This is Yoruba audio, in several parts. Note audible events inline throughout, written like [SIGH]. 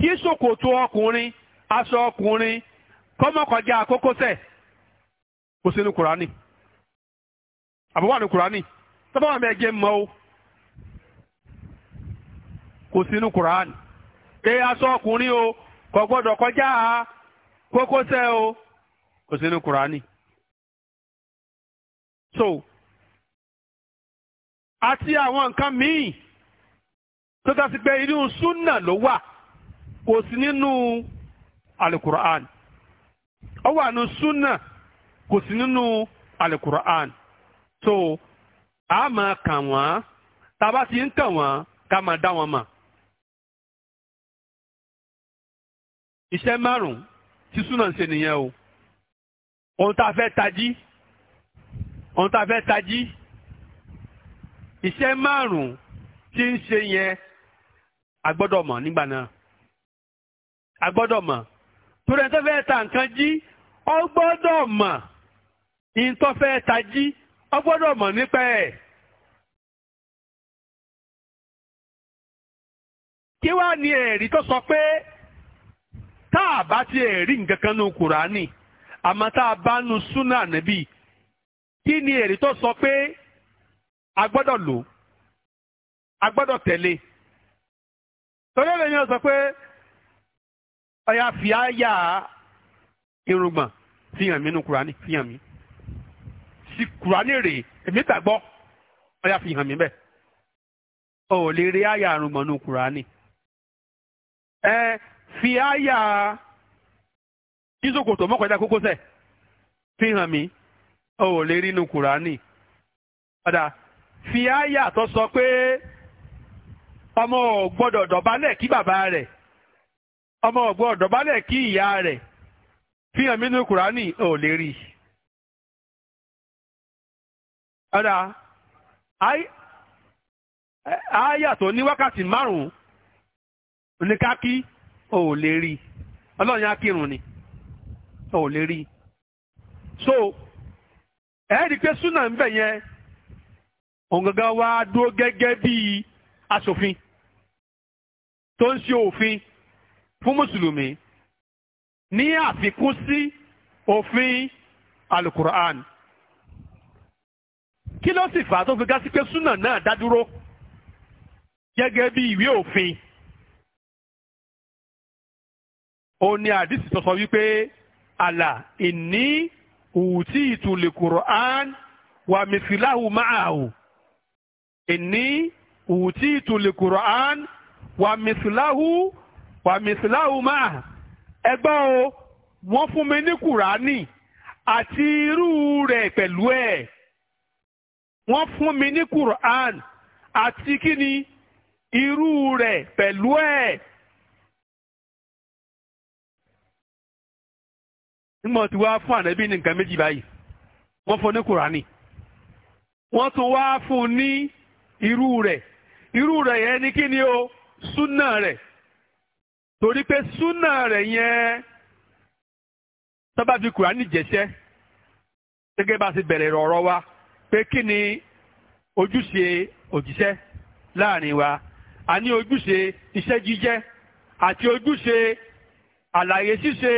kí ṣòkòtò ọkùnrin aṣọ ọkùnrin kọ́mọkọjá kókósẹ̀ kò sínú kùránì àbúwà ní kùránì tọ́bọ̀ wà mẹ́jẹ mọ́ o kò sínú kùránì pé aṣọ ọkùnrin o kò gbọ́dọ̀ kọjá o kò sínú kùránì. so àti àwọn nǹkan míì tó ga sí pé inú súnà ló wà. Ko si nínú alikur'an. ó wà nínú súnà kò sí nínú alukur'an so a máa kàn wọ́n tá a bá ti ń kàn wọ́n ká máa dá wọn mọ̀. iṣẹ́ márùn-ún tí súnà ń ṣe nìyẹn o ohun tá a fẹ́ tají ohun tá a fẹ́ tají iṣẹ́ márùn-ún tí ń ṣe yẹn a gbọ́dọ̀ mọ̀ nígbà náà. a gbọ́dọ̀ mọ̀ torí ẹni tó fẹ́ ta nǹkan jí ọ gbọ́dọ̀ mọ̀ ìyìn tó fẹ́ ta jí ọ gbọ́dọ̀ mọ̀ nípa ẹ̀. kí wàá ní ẹ̀rí tó sọ pé tá a bá ti ẹ̀rí nǹkan kan nínú Kùránì àmọ́ tá a bá nu súnà níbí kí ni ẹ̀rí tó sọ pé a gbọ́dọ̀ lò a gbọ́dọ̀ tẹ̀lé torí ẹ̀rọ yẹn sọ pé. ọ̀yà fi àyà irùngbọ̀n fi hàn mí nínú kùránì fi hàn mí sí kùránì rèé èmi gbàgbọ́ ọ̀yà fi hàn mí bẹ́ẹ̀ o ò lè rí àyà irùngbọ̀n nínú kùránì ẹ fi àyà ìsòkòtò mọ́kànlá kókósẹ̀ fi hàn mí o ò lè rí nínú kùránì padà fi àyà tó sọ pé ọmọ ò gbọ́dọ̀ dọ̀bálẹ̀ kí bàbá rẹ̀. ọmọ ọgbọ dọ̀bálẹ̀ kí ìyá rẹ̀ fi hàn mí ní kùránì ò lè rí i. ọ̀dà àáyà tó ní wákàtí márùn-ún ò lè rí ni ò lè rí so ẹ̀ẹ́dì pé súnà ń bẹ̀ yẹn dúró gẹ́gẹ́ bíi tó ń òfin. fún mùsùlùmí ní àfikún sí òfin alukur'an kí ló sì fà á tó fi gá sí pé súnà náà dádúró gẹ́gẹ́ bí ìwé òfin ó ní àdìsí tó sọ wípé àlà ìní ùtí ìtùlẹ̀ kùrọ̀án wà mìsìláhù máàhù ìní ùtí ìtùlẹ̀ kùrọ̀án wà mìsìláhù wàmísíláhù máa ẹgbọ́n o wọ́n fún mi ní kùránì àti irú rẹ̀ pẹ̀lú ẹ̀ wọ́n fún mi ní kùránì àti kíni irú rẹ̀ pẹ̀lú ẹ̀. nígbà tí wàá fún ànábì ní nǹkan méjì báyìí wọ́n fún ní kùránì wọ́n tún wá fún ní irú rẹ̀ irú rẹ̀ yẹn ni kíni o súnà rẹ̀ torí pé súnà rẹ̀ yẹn tó bá fi kùránì jẹ̀ṣẹ́ gẹ́gẹ́ bá a ti bẹ̀rẹ̀ ọ̀rọ̀ wa pé kí ni ojúṣe òjíṣẹ́ láàrin wa a ní ojúṣe iṣẹ́ jíjẹ́ àti ojúṣe àlàyé ṣíṣe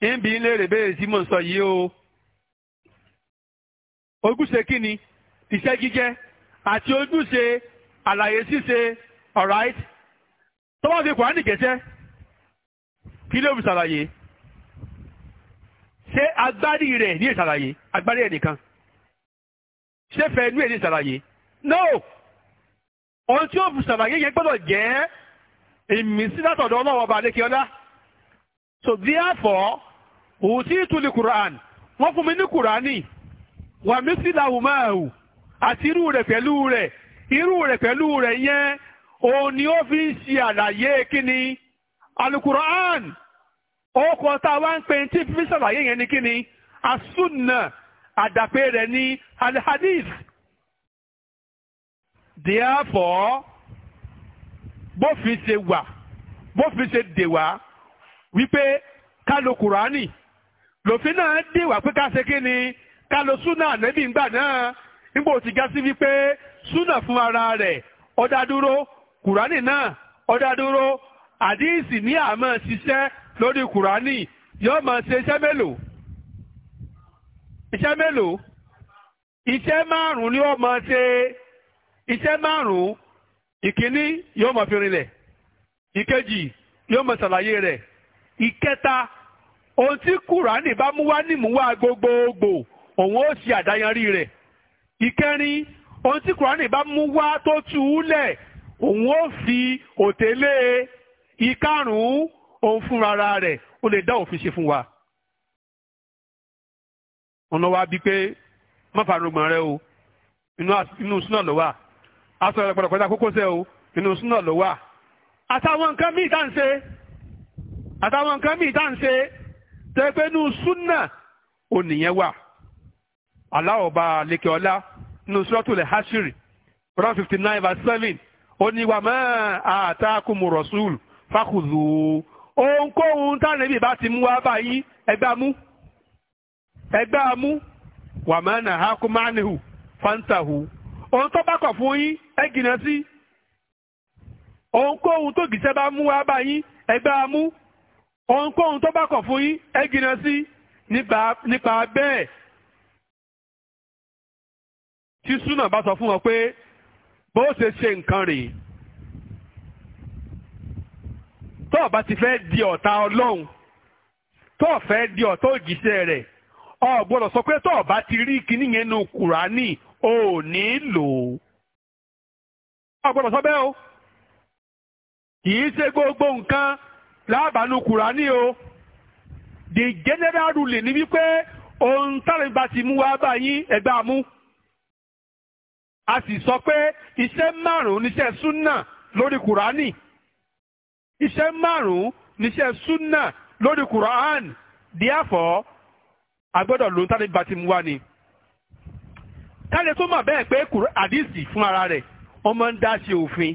níbi ilé rèbèrè tí mo ń sọ yìí o ojúṣe kí ni iṣẹ́ jíjẹ́ àti ojúṣe àlàyé ṣíṣe alright tó bá fi kùránì kẹsẹ́ kí ló fi ṣàlàyé ṣé agbárí rẹ̀ ní ìṣàlàyé agbárí ẹ̀ nìkan ṣé fẹ̀ẹ́nú ẹ̀ ní ìṣàlàyé no ohun tí ó fi ṣàlàyé yẹn gbọ́dọ̀ jẹ́ ìmísí látọ̀dọ̀ ọlọ́wọ́ ọba adékeọlá so therefore òun tí ìtúlẹ̀ kùránì wọ́n fún mi ní kùránì wà mí sí làwùmáàwù àti irú rẹ̀ pẹ̀lú rẹ̀ irú rẹ̀ pẹ̀lú rẹ̀ yẹn òun ni ó fi ń ṣe àlàyé kíni alukur'an ọkọ̀ tá a wá ń pè tí fífi ṣàlàyé yẹn ni kíni asúnà àdàpé rẹ̀ ní alhadith therefore bófin ṣe wà bófin ṣe dè wá wípé ká lo kùránì lòfin náà dè wá pé ká ṣe kí ni ká lo súnà nẹ́bí ńgbà náà nígbà ó ti já sí wípé súnà fún ara rẹ̀ ó dúró kùránì náà ọ̀dàdúró àdíìsì ní àmọ́ ṣiṣẹ́ lórí kùránì yóò máa ṣe iṣẹ́ mélòó iṣẹ́ mélòó iṣẹ́ márùn-ún ni ó máa ṣe iṣẹ́ márùn-ún ìkíní yóò máa fi rinlẹ̀ ìkejì yóò máa ṣàlàyé rẹ̀ ìkẹta ohun tí kùránì bá mú wá nímúwá gbogbogbò òun ó ṣe àdáyanrí rẹ̀ ohun tí kùránì bá mú wá tó òun ó fi òtélé ìkarùn-ún òun fúnra rẹ̀ ó lè dá òfin ṣe fún wa. ọ̀nà wa bíi pé má farogbọ̀n rẹ o inú súnà ló wà aṣọ ìrọ̀pọ̀lọ̀ pẹ̀lú àkókòsẹ́ o inú súnà ló wà. àtàwọn nǹkan míì tá à ń ṣe àtàwọn nǹkan míì tá à ń ṣe tẹ́gbẹ́ inú súnà ò nìyẹn wà. aláwọ̀ bá lékè ọlá inú suratul Hashir one fifty nine verse seven ó ní wà mọ́ àtàkùn rọ̀ṣúl fákùzù ohunkóhun tánàbí bá ti mú wá báyìí ẹgbẹ́ amú ẹgbẹ́ amú wà mọ́ nà hákùmánihù fántàhù ohun tó bá kọ̀ fún yín ẹ gìnà sí ohunkóhun tó gìṣẹ́ bá mú wá báyìí ẹgbẹ́ amú ohunkóhun tó bá kọ̀ fún yín ẹ sí nípa bẹ́ẹ̀ tí súnà bá sọ fún wọn pé bó ṣe ṣe nǹkan rèé tó o bá ti fẹ́ di ọ̀tá ọlọ́run tó o fẹ́ di ọ̀tá òjíṣẹ́ rẹ̀ o gbọ́dọ̀ sọ pé tó o bá ti rí kinní yẹn nu kùránì o ò ní lò ó. o gbọ́dọ̀ sọ bẹ́ẹ̀ o kì í ṣe gbogbo nǹkan lábàánú kùránì o the general rule ni wípé ohun tálẹ̀ bá ti mú wá báyìí ẹgbẹ́ àmú. a sì sọ pé iṣẹ́ márùn-ún níṣẹ́ súnà lórí kùránì iṣẹ́ márùn-ún níṣẹ́ súnà lórí kùránì díàfọ́ agbọ́dọ̀ ló ń tàbí bá ti mú wá ni. káde tó mà bẹ́ẹ̀ pé àdìsí fún ara rẹ̀ wọ́n máa ń dá ṣe òfin.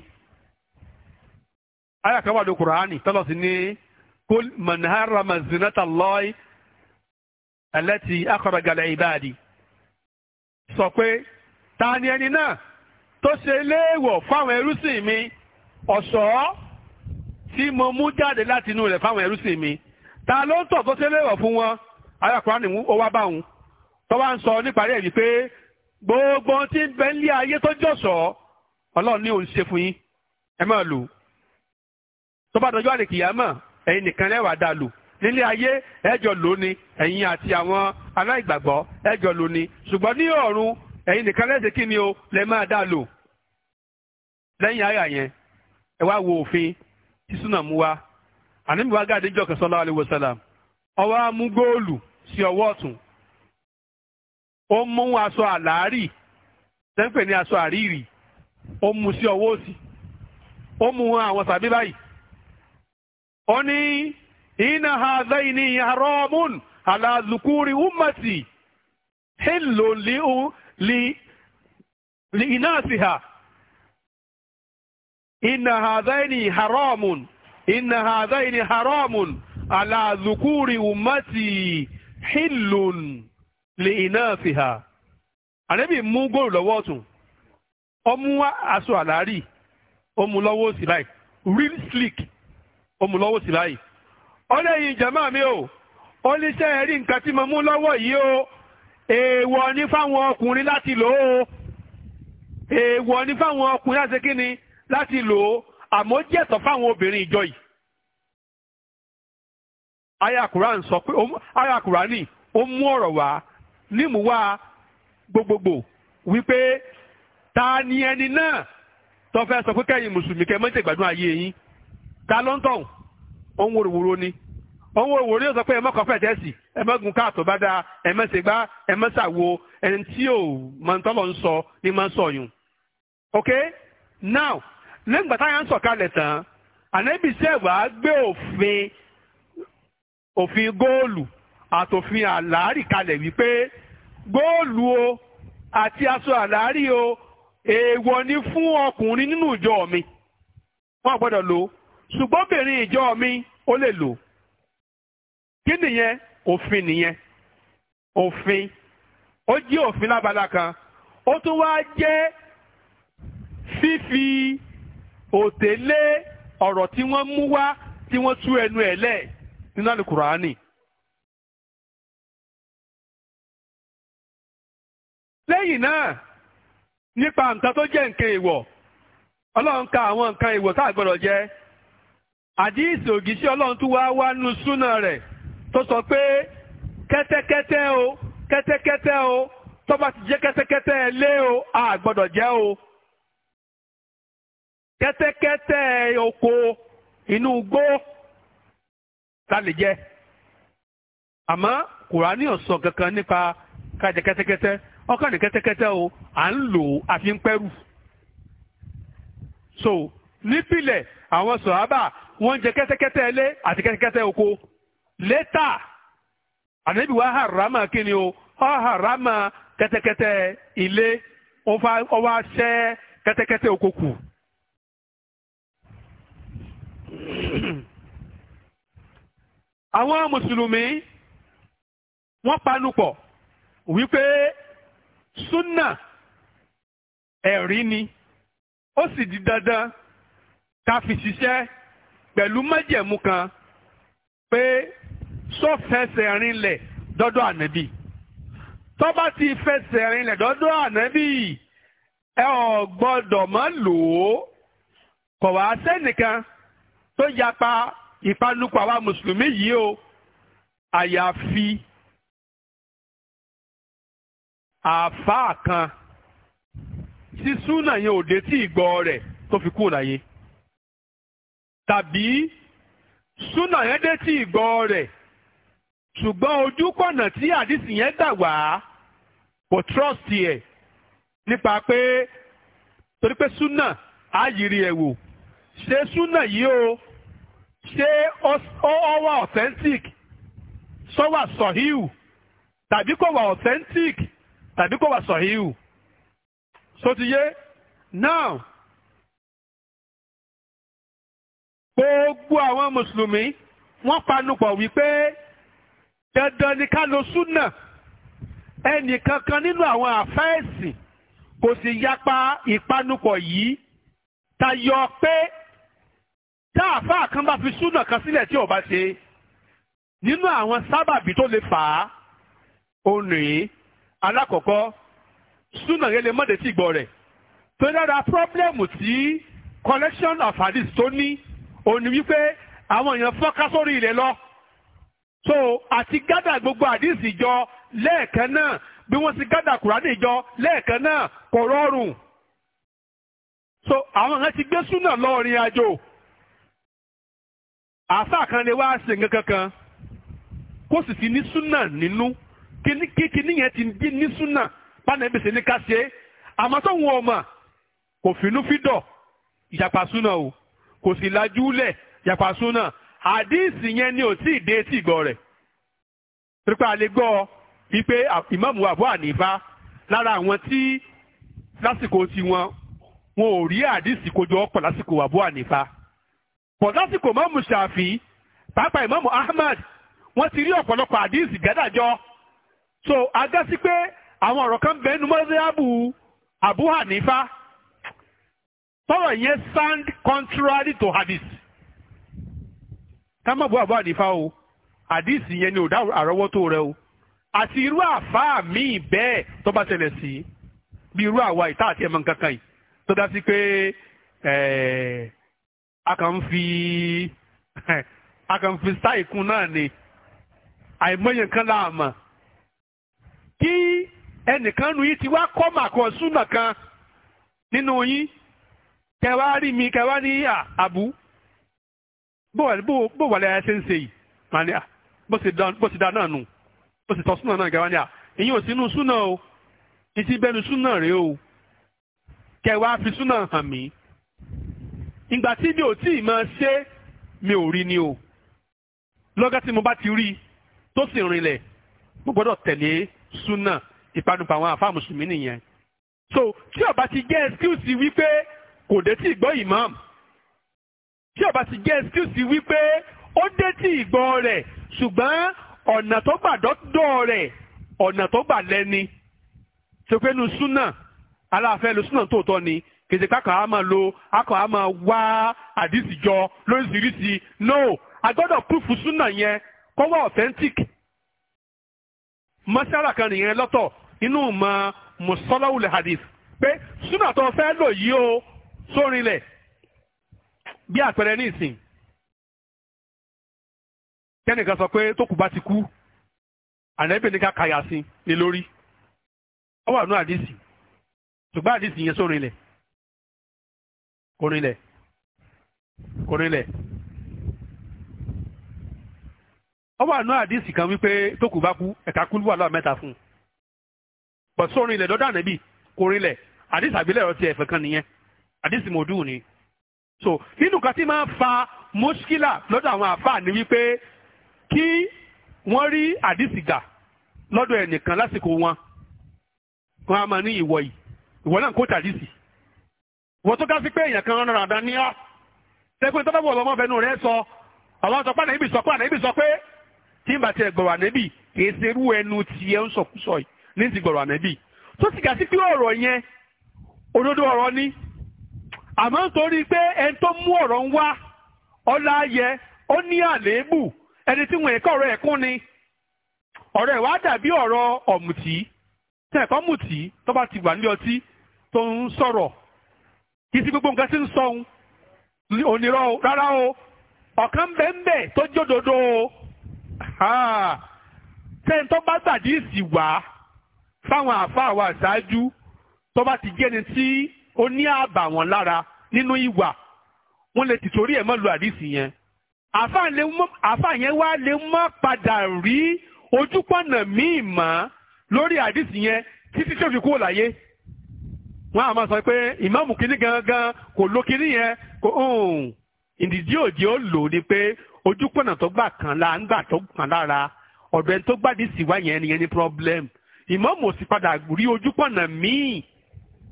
àyà kan wà ló kùránì tọ́lọ̀ sí ní kul man harrama zinata Allahi allati sọ pé ta ni ẹni náà tó ṣe léèwọ̀ fáwọn ẹrúsìn mi ọ̀ṣọ́ tí mo mú jáde láti inú rẹ̀ fáwọn ẹrúsìn mi ta ló ń tọ̀ tó ṣe léèwọ̀ fún wọn alákùnrin ni ó wá bá wọn tó wá ń sọ níparí ẹ̀ wípé gbogbo tí ń bẹ nílé ayé tó jọ̀ṣọ́ ọlọ́run ní òun ṣe fún yín ẹ máa lò tó bá dọjọ́ àlèkìyàmọ̀ ẹ̀yin nìkan lẹ́wàá dá lò nílé ayé ẹjọ́ lóni ẹ̀yin àti àwọn aláìgbàgbọ́ ẹjọ́ lóni ṣùgbọ́n ní ọ̀run ẹ̀yin nìkan lẹ́sẹ̀ kí ni o lẹ́ máa dá lò lẹ́yìn àyà yẹn ẹ wá wo òfin tí súnà mú wa àníbi wa gáàdé jọ sallallahu alaihi wasallam ọwọ́ á góòlù sí ọwọ́ ọ̀tún ó mú aṣọ àlàárì o ní aṣọ àríìrì ó mú sí ọwọ́ òsì ó mú àwọn sàbí báyìí ó ní iná hadhaini haramun ala dhukuri ummati hìlò لإناسها إن هذين حرام إن هذين حرام على ذكور أمتي حل لإناثها ànábì mú góòlù lọ́wọ́ ọ̀tún ó mú aṣọ àlárí ó mú lọ́wọ́ òsì láì real slick ó mú lọ́wọ́ òsì láì ó lẹ́yìn jàmáà mi o ó ní sẹ́yìn rí nǹkan tí mo mú lọ́wọ́ yìí o èèwọ̀ ní fáwọn ọkùnrin láti lò ó èèwọ̀ ní fáwọn ọkùnrin láti kí ni láti lò ó àmọ́ jẹ́ ẹ̀tọ́ fáwọn obìnrin ìjọ yìí. ayakura ń sọ pé ayakura ni ó mú ọ̀rọ̀ wá nímúwá gbogbogbò wípé ta ni ẹni náà tó fẹ́ sọ pé kẹ́yìn mùsùlùmí kẹ́ mọ́tẹ́ gbádùn ayé yín ta ló ń tọ̀hún ó ń wòròwòrò ni ó sọ pé ẹ mọ́kàn tẹ́sì ẹ má gun káàtó bá dáa ẹ má ṣe gbá ẹ má ṣàwo ẹni tí ò mọ ń sọ ni máa sọ yùn. ok now lẹ́yìn gbàtà yẹn ń sọ̀kalẹ̀ tán ànábì sẹ́wà gbé òfin òfin góòlù àtòfin àlàárì kalẹ̀ wípé góòlù o àti aṣọ àlàárì o èèwọ̀ ni fún ọkùnrin nínú ìjọ mi wọ́n gbọ́dọ̀ lò ṣùgbọ́n obìnrin ìjọ mi ó lè lò kí nìyẹn òfin nìyẹn òfin ó jẹ́ òfin lábala kan ó tún wá jẹ́ fífi òtélé ọ̀rọ̀ tí wọ́n mú wá tí wọ́n tú ẹnu ẹ̀ lẹ̀ nínú àlùkùránì. lẹ́yìn náà nípa nǹkan tó jẹ́ nǹkan ìwọ̀ ọlọ́run ka àwọn nǹkan ìwọ̀ tá a gbọ́dọ̀ jẹ́ àdíìsì ògì sí ọlọ́run tún wá wá nu súnà rẹ̀. tó sọ pé kẹ́tẹ́kẹ́tẹ́ o kẹ́tẹ́kẹ́tẹ́ o tó bá ti jẹ́ kẹ́tẹ́kẹ́tẹ́ lé o a gbọ́dọ̀ jẹ o kẹ́tẹ́kẹ́tẹ́ oko inú igbó ta lè jẹ àmọ́ kùránì ò sọ kankan nípa ká jẹ kẹ́tẹ́kẹ́tẹ́ ọkàn ní kẹ́tẹ́kẹ́tẹ́ o à ń lò ó àfi ń pẹ́rù so nípìnlẹ̀ àwọn sọ̀hábà wọ́n jẹ kẹ́tẹ́kẹ́tẹ́ ilé àti kẹ́tẹ́kẹ́tẹ́ oko. létà ànábì wa harama kíni o ọ harama kẹ́tẹ́kẹ́tẹ́ ilé ó wá ṣẹ́ kẹ́tẹ́kẹ́tẹ́ okoku kù. àwọn mùsùlùmí wọ́n panupọ̀ wípé súnà ẹ̀rí ni ó sì di dandan ká fi ṣiṣẹ́ pẹ̀lú májẹ̀mú kan pé tó fẹsẹ̀ rinlẹ̀ dọ́dọ̀ ànábì tó bá ti fẹsẹ̀ rinlẹ̀ dọ́dọ̀ ànábì ẹ ò gbọ́dọ̀ má lò ó kò wá sẹ́nìkan tó yapa ìpanupọ̀ àwa mùsùlùmí yìí o àyàfi àáfàá kan tí súnà yẹn ò dé tí ìgbọ́ rẹ̀ tó fi kú láyé tàbí súnà yẹn dé tí ìgbọ́ rẹ̀ ṣùgbọ́n ojúkọ̀nà tí àdìsí yẹn gbà wá kò trust yẹ nípa pé torí pé súnà á yiri ẹ̀ wò ṣé súnà yìí o ṣé ó authentic sọ wà sọ̀híù tàbí kò wà authentic tàbí kò wà sọ̀híù so ti yé now gbogbo àwọn mùsùlùmí wọ́n panupọ̀ wípé dandan ni ká lo súnà ẹnì kankan nínú àwọn àfẹ́ẹ̀sì kò sì yapa ìpanupọ̀ yìí tayọ pé tá àfáà kan bá fi súnà kan sílẹ̀ tí ò bá ṣe nínú àwọn sábàbí tó lè fà á òun rèé alákọ̀ọ́kọ́ súnà yẹn lè mọ̀dé sí ìgbọ́ rẹ̀ tó dára pírọ́blẹ́mù tí collection of hadith tó ní òun ni wípé àwọn èèyàn fọ́nká sórí ilẹ̀ lọ. so àti gada gbogbo àdìsí jọ lẹ́ẹ̀kan náà bí wọ́n ti gada kùránì jọ lẹ́ẹ̀kan náà kò rọrùn so àwọn kan ti gbé súnà lọ́ọ̀rin àjò àáfà kan lè wá ṣe nǹkan kankan kó sì ti ní súnà nínú kíkíní yẹn ti dín ní súnà pánẹ́bí ṣe ní ká ṣe àmọ́ tó wọn ọmọ kò fínú fídọ̀ súnà o kò sì lajú lẹ̀ ìyàpá súnà àdíìsì yẹn ni ò tí ì dé sí ìgbọ́ rẹ̀ torípa alẹ́ gbọ́ wípé ìmáàmù Abu Hanifa lára àwọn tí lásìkò tiwọn wọn ò rí àdíìsì kójú ọ̀pọ̀ lásìkò Abu Hanifa pọ̀ lásìkò ìmáàmù Ṣàfi pàápàá ìmáàmù Ahmad wọ́n ti rí ọ̀pọ̀lọpọ̀ àdíìsì gádàjọ́ so agásí pé àwọn ọ̀rọ̀ kan bẹ́ẹ̀ nu mọ́síábù Abu Hanifa tọ́rọ̀ yẹn stand contrary to hadith. Kama má bọ́ àbọ̀ àdìfá o àdìsí yẹn ni ò dá àrọ́wọ́tó rẹ o àti irú àfáà míì bẹ́ẹ̀ tó bá ṣẹlẹ̀ sí bí irú àwa ìta àti ẹ̀mọ́ kankan yìí tó dá sí pé eh, a kàn fi [LAUGHS] a kàn fi sáì kún náà ni àìmọye nǹkan láàmà kí ẹnìkan nu yín ti wá kọ́ màkọ́ súnà kan nínú yín kẹwàá rí mi kẹwàá ní àbú bó wà lẹ́yà ṣe ń ṣe yìí màá ní à bó ti da náà nù bó ti tọ́ súnà náà gẹ́gẹ́ ní à ìyẹn ò sínú súnà o ìtì bẹnu súnà rèé o kẹwàá fi súnà hàn mí ìgbà tí mi ò tí ì máa ṣe mi ò rí ni o lọ́gá tí mo bá ti rí tó sì rinlẹ̀ mo gbọ́dọ̀ tẹ̀lé súnà ìpanupọ̀ àwọn àfa mùsùlùmí nìyẹn so tí ó bá ti jẹ́ excuse wípé kò dé tí ì gbọ́ ìmáàmù tí ó bá ti jẹ́ excuse wípé ó dé tí ìgbọ́n rẹ̀ ṣùgbọ́n ọ̀nà tó gbà dọ́dọ̀ rẹ̀ ọ̀nà tó gbà lẹ́ni ṣèpẹ́nu súnà aláàfẹ́ lo súnà tòótọ́ ni kèsì kákan á máa lo akàn á máa wá àdìsí jọ lóríṣiríṣi no agbọ́dọ̀ púfù súnà yẹn kó wá authentic mọ́ṣálà kan nìyẹn lọ́tọ̀ nínú mọ́ mùsọ́láwùlẹ̀ hadith pé súnà tó fẹ́ lò yìí o sórinlẹ̀ bí àpẹẹrẹ ní ìsìn kẹ́nìkan sọ pé tó kù bá ti kú ànẹ́bì ní ká kàyà sí ni lórí ó wà ní àdìsí ṣùgbọ́n àdìsí yẹn sórin lẹ̀ kórin lẹ̀ kórin lẹ̀ ó wà ní àdìsí kan wípé tó kù bá kú ẹ̀ka kú wà lọ́wọ́ mẹ́ta fún un pọ̀ sórin lẹ̀ dọ́dọ̀ ànẹ́bì kórin lẹ̀ àdìsí àgbélẹ̀rọ ti ẹ̀fẹ̀ kan nìyẹn àdìsí mòdù ni so nínú kan tí máa ń fa mọ́ṣíkìlà lọ́dọ̀ àwọn àfáà ni wípé kí wọ́n rí àdìsí gbà lọ́dọ̀ ẹnìkan lásìkò wọn wọn a máa ní ìwọ yìí ìwọ náà kó tàdísì wọ́n tó ká sí pé èèyàn kan rán ràdá ní á tẹ́gbẹ́ tó bá wọ̀ lọ́mọ́ fẹnu rẹ̀ sọ àwọn sọ pé àná ibi sọ pé àná ibi sọ pé tí n bá tiẹ̀ gbọ̀rọ̀ ànẹ́bì kìí ṣe irú ẹnu tiẹ̀ ń sọkúsọ yìí ní ti gbọ̀rọ̀ ànẹ́bì tó sì gà sí pé ọ̀rọ̀ yẹn òdodo ọ̀rọ̀ ni àmọ́ nítorí pé ẹni tó mú ọ̀rọ̀ ń wá ọlá ayẹ ó ní àléébù ẹni tí wọ́n ẹ̀kọ́ ọ̀rọ̀ ẹ̀kún ni ọ̀rọ̀ ẹ̀ wá dàbí ọ̀rọ̀ ọ̀mùtí tẹ̀ ẹ̀kọ́ mùtí tó bá ti wà ní ọtí tó ń sọ̀rọ̀ kì í sí gbogbo nǹkan sí ń sọ onírọ̀ rárá o ọ̀kan bẹ́ẹ̀ tó jódodo o tẹ́ni tó bá tàdí ìsì wá fáwọn àáfàá wa ṣáájú tó bá ti jẹ́ni tí ó ní àbàwọ́n lára nínú ìwà wọ́n lè tìtorí ẹ̀ mọ́ lu àdìsí yẹn àáfà yẹn wá lè má padà rí ojúpọ̀nà míì mọ́ lórí àdìsí yẹn títí tó fi kúrò láyé wọ́n á sọ pé ìmáàmù kínní gangan kò lo kínní yẹn kò ìdíjí òjì ó lò ó ni pé ojúpọ̀nà tó gbà kan la ńgbà gbà tó kàn lára ọ̀dọ̀ ẹni tó gbàdí sí wá yẹn nìyẹn ní problem ìmáàmù ò sì padà rí ojúpọ̀nà míì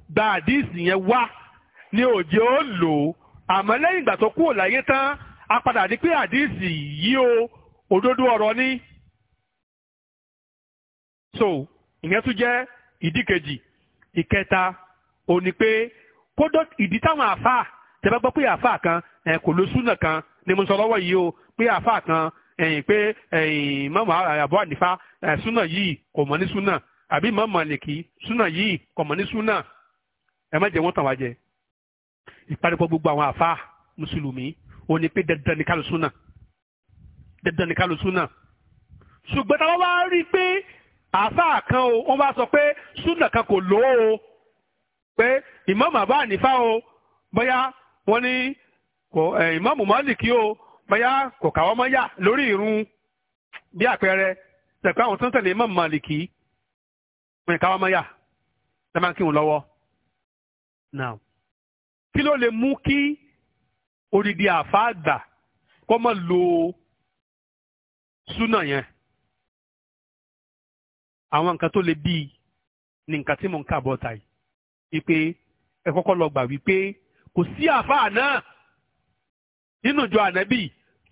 gba àdíìsì yẹn wá ni òjò ó lò ó àmọ́ lẹ́yìn ìgbà tó kúrò láyé tán a padà di pé àdíìsì yìí o òdodo ọ̀rọ̀ ni. so ìyẹn tún jẹ́ ìdí kejì ìkẹta ò ní pé kódó ìdí táwọn àáfàá tẹ bá gbọ́ pé àáfàá kan ẹ̀ kò lo súnà kan ni mo sọ lọ́wọ́ yìí o pé àáfàá kan ẹ̀yìn pé ẹ̀yìn mọ́mọ́ àbọ̀ àdìfá súnà yìí kò mọ̀ ní súnà àbí mọ́mọ́ àlèkì súnà yìí kò mọ̀ ní súnà ẹ má jẹ́ wọ́n tàn wá jẹ ìparipọ̀ gbogbo àwọn àfa mùsùlùmí ó ní pé dandan ní kálùsùn náà dandan ní kálùsùn náà ṣùgbọ́n táwọn wá rí i pé àfa kan o wọ́n bá sọ pé súnà kan kò lò ó pé ìmáàmù àbá ànífà o bóyá wọ́n ní ìmáàmù málìkì o bóyá kò káwọ́ mọ́ yà lórí ìrun bí àpẹẹrẹ tẹ̀pẹ́ àwọn tó ń tẹ̀lé ìmáàmù málìkì wọ́n ní káwọ́ mọ́ yà tẹ́ máa ń kírun lọ́wọ́. now kí ló lè mú kí odidi àfa àgbà kọ́ mọ́ lo súnà yẹn àwọn nǹkan tó lè bíi ni nǹkan tí mo ń kà bọ́ ta yìí wípé ẹ kọ́kọ́ lọ gbà wípé kò sí àfáà náà nínú ìjọ ànábì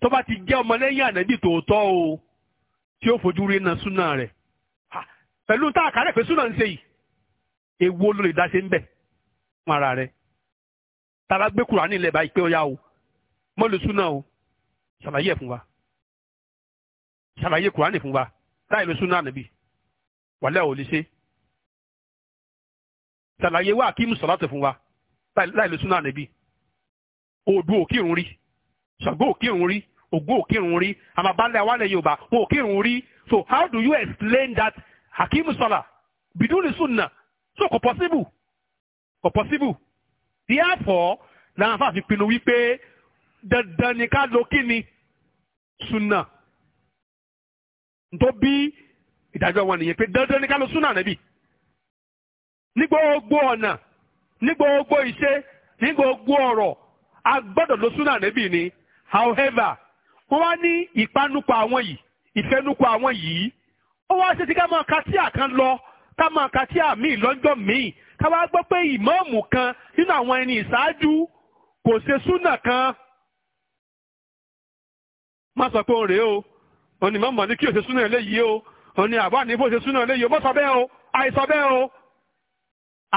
tó bá ti jẹ́ lẹ́yìn ànábì tòótọ́ o tí ó na súnà rẹ̀ pẹ̀lú a pé súnà ń ṣe yìí fún ara tàbá gbé kùránì lẹ̀ báyìí pé ó yá o mọ́lùsùn náà o ṣàlàyé ẹ̀ fún wa ṣàlàyé kùránì fún wa láì lo súnà nàbì wàlẹ́ ò lè ṣe ṣàlàyé wa kí mú fún wa láì lo súnà nàbì odò òkírun rí ṣàgbó òkírun rí ògbó òkírun rí àmàbálẹ̀ awálẹ̀ yorùbá wọn òkírun rí so how do you explain that hakim sọlá bidúni súnà so kò possible kò possible therefore làwọn afa fi pinnu wípé dandan ni ká lo kíni sunna tó bí ìdájọ́ wọn nìyẹn pé dandan ni ká lo sunna nàbì ní gbogbo ọ̀nà ní gbogbo iṣẹ́ ní gbogbo ọ̀rọ̀ a gbọ́dọ̀ lo sunna nàbì ni however wọ́n wá ní ìpanupọ̀ àwọn yìí ìfẹnukọ̀ àwọn yìí ó wá ṣe ti ká máa ka tí àkàn lọ ká máa ka tí àmì lọ́jọ́ míì táwa gbọ́ pé ìmáàmù kan nínú àwọn ẹni ìṣáájú kò ṣe súnà kan má sọ pé òun rèé o òun ni mọ́mọ́ ní kí o ṣe súnà eléyìí o òun ni àbá ní bó ṣe súnà eléyìí o mọ́ sọ bẹ́ẹ̀ o àìsọ bẹ́ẹ̀ o.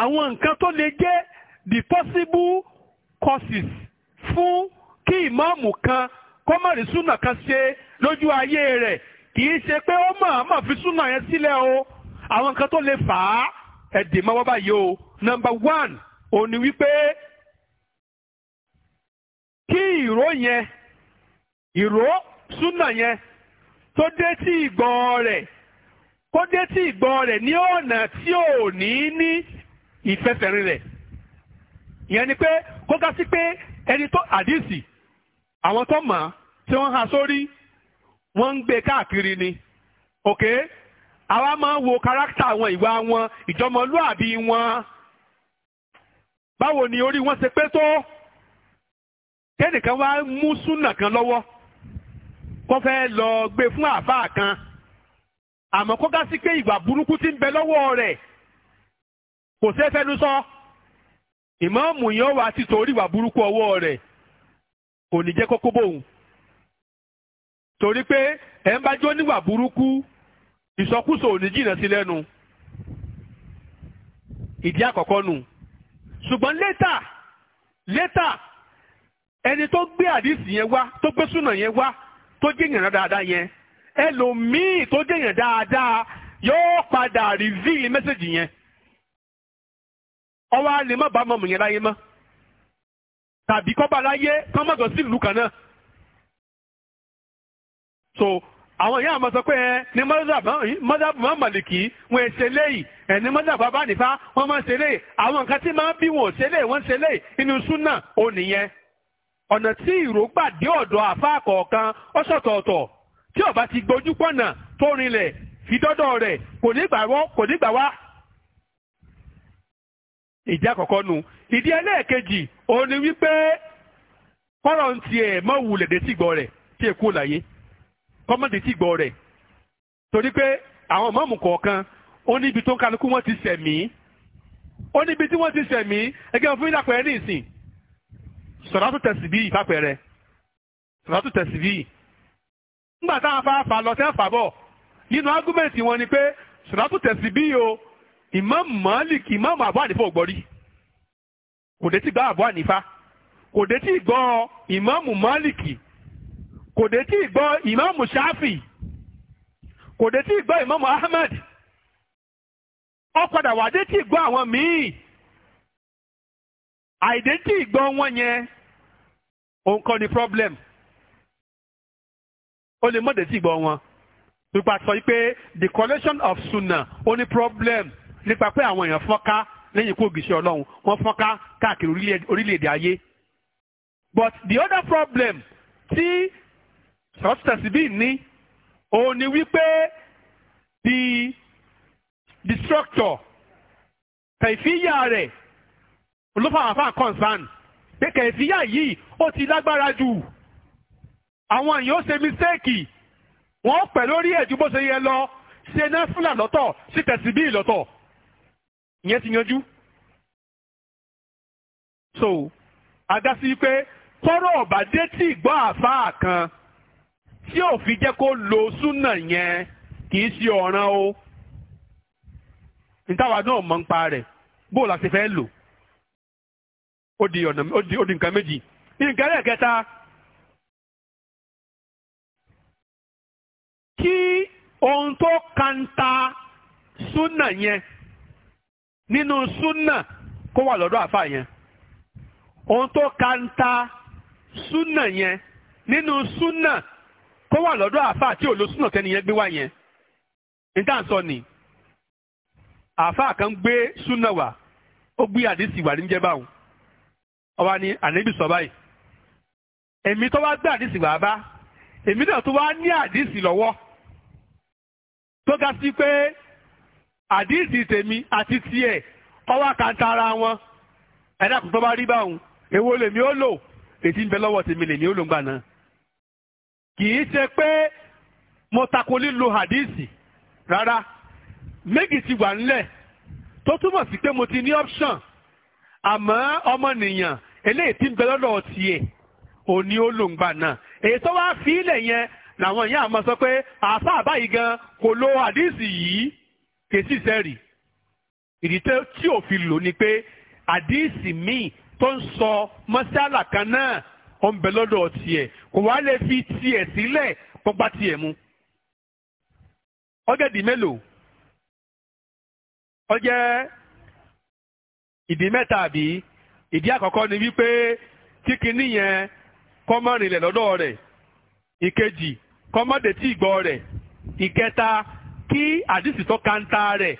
àwọn nǹkan tó lè jẹ́ the possible causes fún kí ìmáàmù kan kọ́mọ̀rì súnà kan ṣe lójú ayé rẹ̀ kì í ṣe pé ó mọ̀ ọ́n mọ̀ fi súnà yẹn sílẹ̀ o àwọn nǹkan tó lè fà á ẹ̀dè máa wá báyìí o nọ́mbà one òun ni wípé kí ìró yẹn ìró súnà yẹn tó dé tí ìgbọ́n rẹ̀ kó dé tí ìgbọ́n rẹ̀ ní ọ̀nà tí ò ní ní ìfẹsẹ̀rin rẹ̀ ìyẹn ni pé kó ká sí pé ẹni tó àdìsí àwọn tó mọ̀ tí wọ́n há sórí wọ́n ń gbé káàkiri ni òkè. Okay? àwa máa ń wo kárátà wọn ìwà wọn ìjọmọlúàbí wọn báwo ni orí wọn ṣe pé tó kẹ́nìkan wá mú súnà kan lọ́wọ́ kó fẹ́ lọ gbé fún àáfàá kan àmọ́ kó gá sí pé ìwà burúkú ti ń bẹ lọ́wọ́ rẹ̀ kò ṣeé fẹnu sọ ìmáàmù yẹn wà ti torí ìwà burúkú ọwọ́ rẹ̀ kò ní jẹ́ kókó bóun torí pé ẹ̀ ń bá jó níwà burúkú ìsọkúsọ ò ní jìnnà sí lẹ́nu ìdí àkọ́kọ́ nù ṣùgbọ́n létà létà ẹni tó gbé àdìsí yẹn wá tó gbé súnà yẹn wá tó jẹ́yàn dáadáa yẹn ẹlòmíì tó jẹ́yàn dáadáa yóò padà rìvíì mẹ́sẹ̀gì yẹn ọwọ́ a lè má bá mọ̀mù yẹn láyé mọ́ tàbí kọ́ bá láyé kọ́ mọ̀gàn sí ìlú kan náà. so àwọn èèyàn àmọ́ sọ pé ẹ ní mọ́dàbù máa màlìkì wọn ẹ̀ ṣe léyìí ẹ̀ ní mọ́dàbù bá nípa wọn máa ṣe léyìí àwọn nǹkan tí máa ń bí wọn ò ṣe léyìí wọ́n ṣe léyìí inú súnà ó nìyẹn. ọ̀nà tí ìró pàdé ọ̀dọ̀ àfa kọ̀ọ̀kan ọ̀ṣọ̀tọ̀ọ̀tọ̀ tí ó ti gbójú pọ̀nà tó rinlẹ̀ fi dọ́dọ̀ rẹ̀ kò ní gbà wá. ìdí àkọ́kọ́ nu ìdí ẹlẹ́ẹ̀kejì òun ni wípé kọ́rọ̀ ń tiẹ̀ mọ́ wulẹ̀ dé sígbọ́ rẹ̀ tí èkó láyé kọ́mọ̀dé tí gbọ́ rẹ̀ torí pé àwọn mọ́ọ̀mù kọ̀ọ̀kan ó níbi tó kálukú wọn ti sẹ̀mí ó níbi tí wọ́n ti sẹ̀mí ẹgbẹ́ wọn fún ìdàpẹ́ ní ìsìn sọ̀rọ̀tù tẹ̀sí bíi ìfàpẹ̀rẹ̀ sọ̀rọ̀tù tẹ̀sí bíi ńgbà táwọn afáfà lọ tẹ́ fà bọ̀ nínú ágúmẹ̀ntì wọn ni pé sọ̀rọ̀tù tẹ̀sí bíi o ìmáàmù Málíkì ìmáàmù àbọ̀ ànífà ò gbọ́rí kò dé tí gbọ́ àbọ̀ ànífà kò dé tí gbọ́ ìmáàmù Málíkì kò dé tí ì gbọ́ ìmáàmù ṣáfì kò dé tí ì gbọ́ ìmáàmù ahmed ó padà wà dé tí ì gbọ́ àwọn míì àìdé tí ì gbọ́ wọn yẹn òun kọ́ ni problem ó lè mọ̀dé tí ì gbọ́ wọn nípa sọ pé the collection of sunnah ó ní problem nípa pé àwọn èèyàn fọ́nká lẹ́yìn ikú ògìṣẹ́ ọlọ́run wọ́n fọ́nká káàkiri orílẹ̀-èdè ayé. but the other problem tí sọ́tù tẹ̀síbí ní òun ni wípé the the structure kẹ̀fíyà rẹ̀ olófà àfà concern pé kẹ̀fíyà yìí ó ti lágbára jù àwọn èèyàn ó ṣe mistake wọ́n pẹ̀ lórí ẹ̀ ju bó ṣe yẹ lọ ṣe náfúlà lọ́tọ̀ sí tẹ̀síbí lọ́tọ̀ ìyẹn ti yanjú. so agasi pé tọrọ ọba dé tí ìgbọ́ àfáà kan tí ò fi jẹ́ kó lo súnà yẹn kì í ṣe ọ̀ràn o nítawà náà mọ̀ ń rẹ̀ bó o la ṣe fẹ́ lò ó di ọ̀nà ó di ó di nǹkan méjì nǹkan ẹ̀kẹta kí ohun tó kanta súnà yẹn nínú súnà kó wà lọ́dọ̀ àfa yẹn ohun tó kanta súnà yẹn nínú súnà kó wà lọ́dọ̀ àáfàá tí olóṣùnà tẹniyẹn gbé wá yẹn níta sọ ni àáfàá kan gbé súnà wá ó gbé àdìsí wà níjẹ́ báwọn ọba ni ànábì sọ báyìí èmi tó wá gbé àdìsí wà bá èmi náà tó wá ní àdìsí lọ́wọ́ tó ga sí pé àdìsí tèmi àti tiẹ̀ ọwọ́ àkàntara wọn ẹ̀dá kò tó bá rí báwọn èwo lèmi ó lò ètí ń bẹ lọ́wọ́ tèmi lèmi ó lò ń gbà náà. kì í ṣe pé mo tako lílo hadisi rárá méjì ti wà nílẹ̀ tó túmọ̀ sí pé mo ti ní option àmọ́ ọmọnìyàn eléyìí ti ń bẹ ò ni òní náà èyí tó wá fi ilẹ̀ yẹn làwọn èèyàn àmọ́ sọ pé àáfà báyìí gan kò lo hadisi yìí sẹ́rì ìdí tí ò ni pé hadisi míì tó ń sọ kan náà ó ń bẹ kò wá lè fi tiẹ̀ sílẹ̀ kó gbá tiẹ̀ mu. ọjọ́ ìdí mélòó ọjọ́ ìdí mẹ́ta àbí ìdí àkọ́kọ́ ni wípé kíkiní yẹn kọ́mọ́rìnlẹ̀ lọ́dọ̀ rẹ̀ ìkejì kọ́mọ́dé tí ìgbọ́ rẹ̀ ìkẹta kí àdìsí tó kanta rẹ̀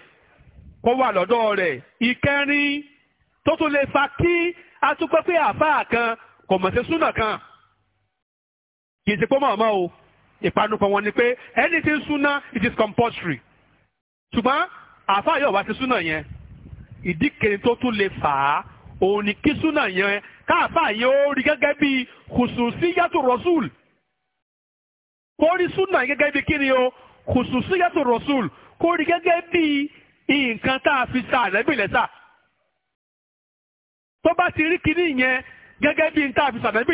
kó wà lọ́dọ̀ rẹ̀ ìkẹrin tó tún lè fa kí a tún pẹ́ pé àfáà kan kò mọ̀ sí súnà kan kì í ṣe pé màmá o ìpanupọ̀ wọn ni pé anything sooner it is compulsory ṣùgbọ́n àáfàá yóò wá sí súná yẹn ìdí kejì tó tún lè fà á òun ni kí súná yẹn káàfàá yẹn ó rí gẹ́gẹ́ bí khususiyatu rasul kó rí súná yẹn gẹ́gẹ́ bí kí ni o khususiyatu rasul kó rí gẹ́gẹ́ bí nǹkan tá a fi sa ànábì lẹ́sà tó bá ti rí kinní yẹn gẹ́gẹ́ bí nǹkan tá a fi sa ànábì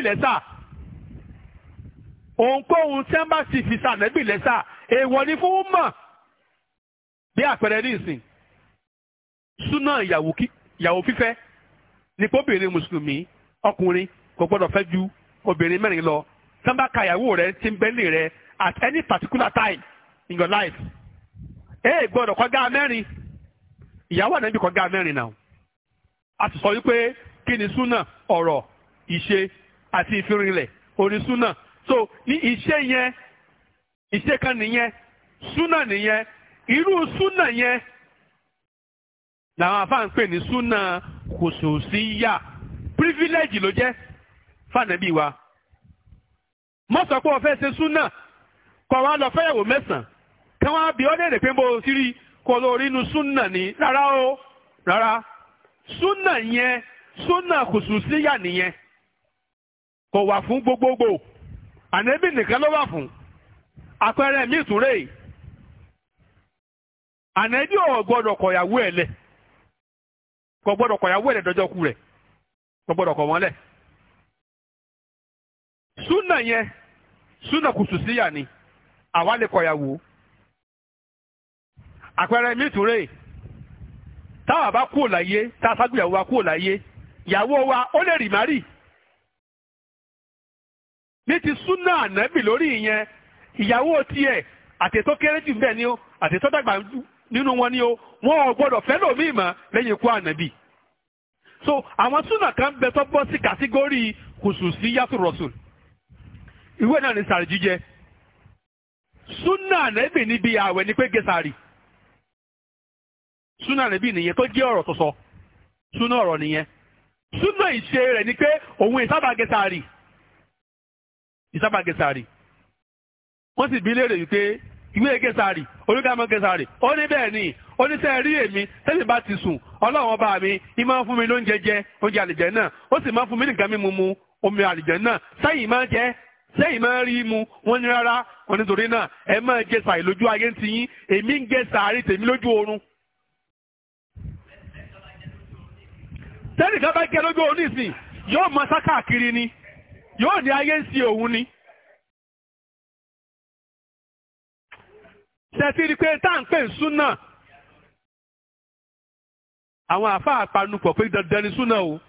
ohunkóhun tí wọ́n bá sì fi sànẹ́bì lẹ́sà èèwọ̀ ni fún mọ̀ bí àpẹẹrẹ ní ìsìn súnà ìyàwó fífẹ́ ni kóbìnrin mùsùlùmí ọkùnrin kò gbọ́dọ̀ fẹ́ ju obìnrin mẹ́rin lọ tí bá ka ìyàwó rẹ ti ń bẹ́lẹ̀ rẹ at any particular time in your life ẹ gbọ́dọ̀ kọjá mẹ́rin ìyàwó ibi kọjá merin náà a ti sọ wípé kí ni súnà ọ̀rọ̀ ìṣe àti ìfirinlẹ̀ so ní iṣẹ́ yẹn iṣẹ́ kan nìyẹn súnà nìyẹn irú súnà yẹn làwọn afáàn pè ní súnà kòsòsíyà pírífílẹ́jì ló jẹ́ fànẹ́bí wa lo sọ ṣe súnà kọ̀ lọ fẹ́yàwó mẹ́sàn kí wọ́n á bí ọ́ pé o rí kó lọ rí inú súnà o rárá súnà yẹn súnà kòsòsíyà nìyẹn kò fún gbogbogbò. ebi nìkan ló wà fún àpẹẹrẹ mi ìtúrẹ́ yìí ebi ò gbọdọ kọ̀yàwó ẹ̀ lẹ̀ kò gbọdọ kọ̀yàwó ẹ̀ lẹ̀ dọjọ́ ku rẹ̀ kò gbọ́dọ̀ kọ̀ wọ́n lẹ̀. súnà síyà ni àwa lè mi yìí táwa bá kúò láyé tá a ságbéyàwó wa kúò láyé ìyàwó ní ti súnà ànábì lórí ìyẹn ìyàwó tiẹ̀ àtẹ̀tọ́ kéré jù bẹ́ẹ̀ ni ó àtẹ̀tọ́ dàgbà nínú wọn ni ó wọn ò gbọ́dọ̀ fẹ́ lòmíì mọ́ lẹ́yìn ikú so àwọn súnà kan bẹ tó sí kàtígórì kùsùsí yàtò rọ̀sùn ìwé náà ní sàrì jíjẹ súnà ànábì níbi ààwẹ̀ ni pé gẹ̀sàrì súnà ànábì nìyẹn tó jẹ́ ọ̀rọ̀ tó súnà ọ̀rọ̀ nìyẹn súnà ìṣe rẹ̀ ni pé òun ìsápá Kesari wọ́n sì bí léèrè wípé ìwé Kesari oníkàmọ́ Kesari ó ní bẹ́ẹ̀ ni oníṣẹ́ rí èmi tẹ́lẹ̀ bá ti sùn ọlọ́run ọba mi ì máa ń fún mi lóúnjẹ jẹ oúnjẹ àlìjẹ náà ó sì máa ń fún mi nìkan mímu mu omi àlìjẹ náà sẹ́yìn máa jẹ́ sẹ́yìn máa rí mu wọ́n ní rárá wọ́n nítorí náà ẹ máa jẹ sàì lójú ayé ń tiyín èmi ń jẹ sàárì tèmi lójú oorun. tẹ́nìkan bá lójú oorun nísìn yóò máa sá káàkiri ni yóò di ayé sí òun ni. ṣètì rí pé táǹpé súnà àwọn àáfàá àpanupọ̀ pé dandan ni súnà o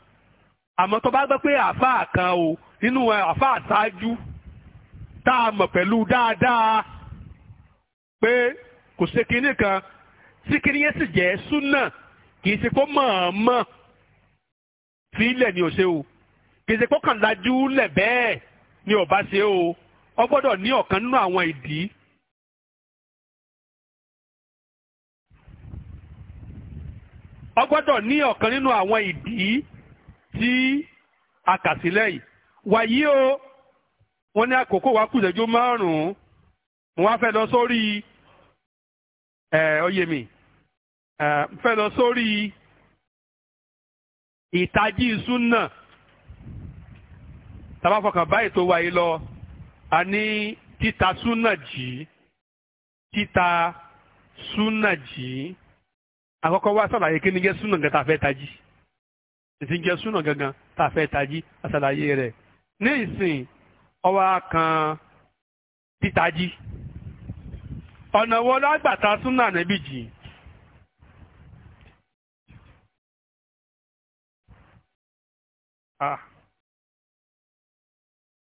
àmọ́ tó bá gbọ́ pé àáfàá kan o nínú àáfàá ṣáájú tá a mọ̀ pẹ̀lú dáadáa pé kò ṣe kinní kan tí kinní yẹn sì jẹ́ súnà kì í ṣe kó mọ̀ọ́mọ̀ fi ilẹ̀ ni ò ṣe o gbèsè kọkàn lajú lẹ̀ bẹ́ẹ̀ ni ọba ṣe o ọ gbọ́dọ̀ ní ọ̀kan nínú àwọn ìdí. ọ gbọ́dọ̀ ní ọ̀kan nínú àwọn ìdí tí a kà sílẹ̀ yìí wàyí o wọ́n ní àkókò wa kù ìṣẹ́jú márùn-ún wọ́n á lọ sórí ẹ̀ ọyẹ mi fẹ́ lọ sórí ìtají súnà tàbá fọkàn báyìí tó wáyé lọ a ní títa súnà jì títa súnà jì àkọ́kọ́ wá sàlàyé kí ni jẹ́ súnà gan tá a fẹ́ tají ìsìn jẹ́ súnà gangan tá a fẹ́ tají àsàlàyé rẹ̀ ní ìsìn ọwọ́ kan títají ọ̀nà wo lágbàtà súnà níbí jì. Ah.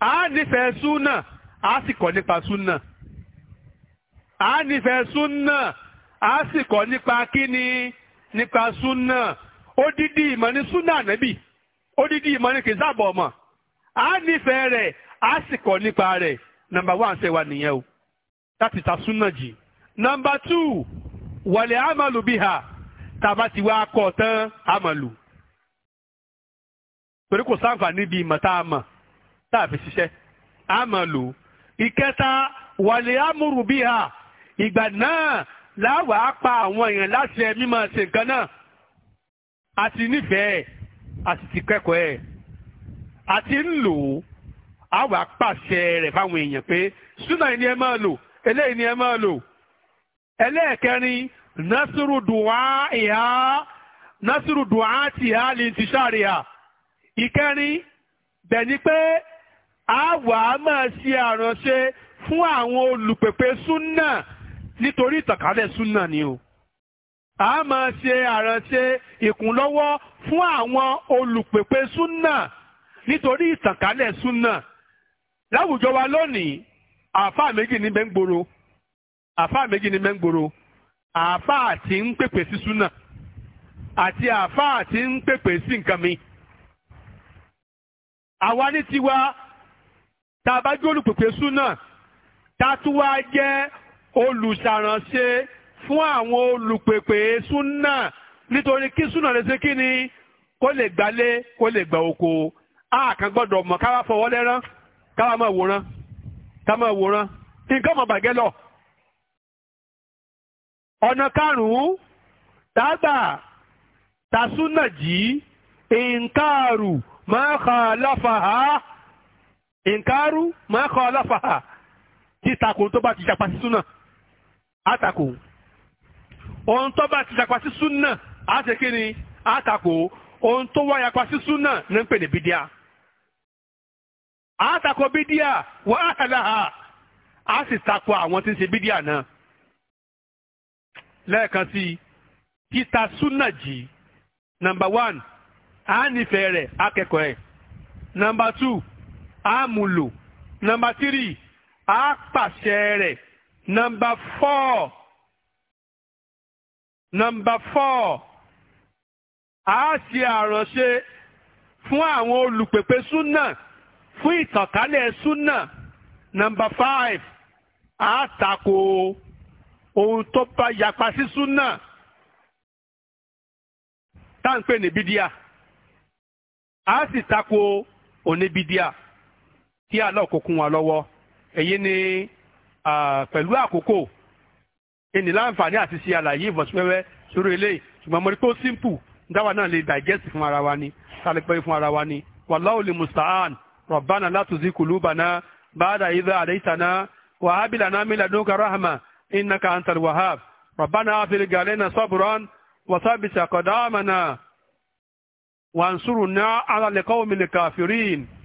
a nífẹ̀ẹ́ súnà a sì kọ́ nípa a nífẹ̀ẹ́ súnà a sì kọ́ nípa kíni nípa súnà odidi ìmọ̀ ní súnà odidi ìmọ̀ ní kìsàbọ̀ ọmọ a nífẹ̀ẹ́ rẹ̀ a sì kọ́ nípa rẹ̀ nàmbà wá ṣe wà nìyẹn o láti ta súnà jì nàmbà tù wàlẹ̀ àmàlù bíhà tàbá ti wá kọ̀ tán àmàlù torí kò sáǹfà níbi tàbí ṣiṣẹ́ a máa lò ó ìkẹta wàlẹ̀ amúrù bíi ha ìgbà náà láwàá pa àwọn èèyàn láti ẹ̀mí máa ṣe nǹkan náà a ti nífẹ̀ẹ́ a sì ti kẹ́kọ̀ọ́ ẹ̀ a ti ń lò ó a wàá pàṣẹ rẹ̀ fáwọn èèyàn pé súnà ni ẹ máa lò eléyìí ni ẹ máa lò ẹlẹ́ẹ̀kẹrin nasiru dùnà ìhà nasiru dùnà tìhà lè ti sáré hà ìkẹrin bẹ̀ ni pé a wà á máa ṣe àránṣe fún àwọn olùpèpè súnà nítorí ìtànkálẹ̀ súnà ni o a máa ṣe àránṣe ìkúnlọ́wọ́ fún àwọn olùpèpè súnà nítorí ìtànkálẹ̀ súnà láwùjọ wa lónìí àáfàá méjì ní bẹ́ńgboro àáfàá méjì ní bẹ́ńgboro àáfàá tí ń pèpè sí súnà àti àáfàá tí ń pèpè sí nǹkan mi àwa ní tiwa tá a bá jẹ́ olùpèpè súnà tá a tún wá jẹ́ olùṣàránṣe fún àwọn olùpèpè súnà nítorí kí súnà lè ṣe kí ni kó lè gbalé kó lè gba oko a kàn gbọ́dọ̀ mọ̀ ká wá fọwọ́ lẹ́rán ká wá máa wòran ká máa wòran nǹkan mọ̀ bàgẹ́ lọ. ọ̀nà karùn-ún tàgbà tàṣúnà jí nǹkan àrù máa kà láfa á. nkaru ma kọ ọlọfa ha ti tako to ba ti japa sisu na atako ohun to ba ti japa sisu na ase kini atako ohun to wa yapa sisu na ne mpe ne bidia atako bidia wa ahala ha ase tako awon ti se bidia na lẹẹkan si títa súnà jì nàmbà wán ànífẹ rẹ akẹkọọ ẹ nàmbà túù. á mú lò nọmba tírì á pàṣẹ rẹ̀ nọmba fọ́ọ̀ nọmba fọ́ọ̀ á ṣe àránṣe fún àwọn olùpèpè súnà fún ìtànkálẹ̀ súnà nọmba five a tako ohun tó bá yapa sí súnà tá à ń pè ní bídíà á sì tako oníbídíà kí àlọ́ kó kún wa lọ́wọ́ èyí ni pẹ̀lú àkókò ẹni láǹfààní àti ṣe àlàyé ìbọ̀síwẹ́wẹ́ sórí eléyìí ṣùgbọ́n mo rí pé ó simple dáwà náà lè digest fún ara wa ni sálẹ̀pẹ́ fún ara wa ni wallahu li musta'an rabbana la tuzi kulubana ba'da idha adaitana wa hab lana min ladunka rahma innaka antal wahhab rabbana afrigh alaina sabran wa thabbit aqdamana wansurna ala alqawmi alkafirin